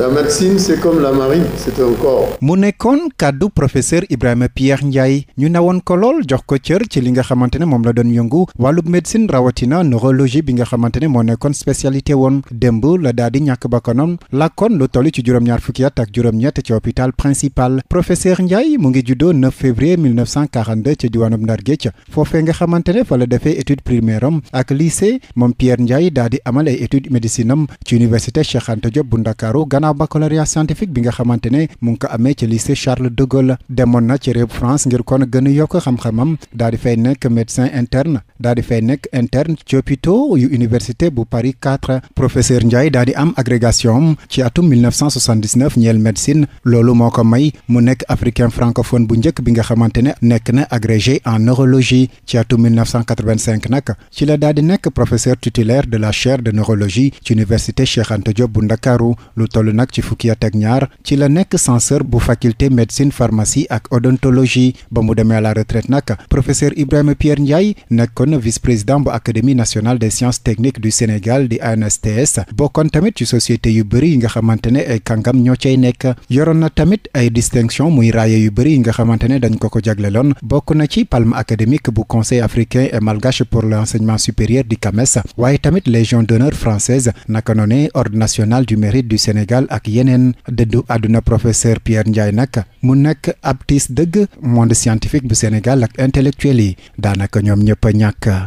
la médecine c'est comme la marine c'est un corps. mu nekkoon kàddu professeur Ibrahima Pierre Ndiaye ñu newoon ko lool jox ko cër ci li nga xamante ne moom la doon yëngu wàllub médecine rawatina neurologie bi nga xamante ne moo nekkoon spécialité woon démb la daal di ñàkk la kon lu toll ci juróom-ñaar fukki ak juróom-ñett ci hôpital principal professeur Ndiaye mu ngi juddoo 9 février 1942 ci diwaanub Ndar Géej foofee nga xamante ne fa la defee étude primaire am ak lycée moom Pierre Ndiaye daal di amal ay études am ci université Cheikh Anta Diop ginnaaw baccalauréat scientifique bi nga xamante ne mu ngi ko amee ci lycée Charles de Gaulle demoon na ci réew France ngir kon gën a yokk xam-xamam daal di fay nekk médecin interne daal di fay nekk interne ci hôpitaux yu université bu Paris 4 professeur Ndiaye daal di am agrégation ci atum 1979 ñeel médecine loolu moo ko may mu nekk africain francophone bu njëkk bi nga xamante ne nekk na agrégé en neurologie ci atum 1985 nag ci la daal di nekk professeur titulaire de la chaire de neurologie ci université Cheikh Anta nag ci fukki at ak ñaar ci la nekk censeur bu faculté médecine pharmacie ak odontologie ba mu demee à la retraite nag professeur Ibrahima Pierre Ndiaye nekkoon vice-président bu académie nationale des sciences techniques du Sénégal di ANSTS bokkoon tamit ci société yu bëri yi nga xamante ne ay kàngam ñoo cay nekk yoroon na tamit ay distinction muy raaye yu bëri yi nga xamante ne dañ ko ko jagleloon bokk na ci palme académique bu conseil africain et malgache pour l'enseignement supérieur di CAMES waaye tamit légion d'honneur française ak yeneen dëddu àdduna professeur Pierre Ndiaye nag mu nekk ab tiis dëgg monde scientifique bu Sénégal ak intellectuel yi daanaka ñoom ñëpp ñàkk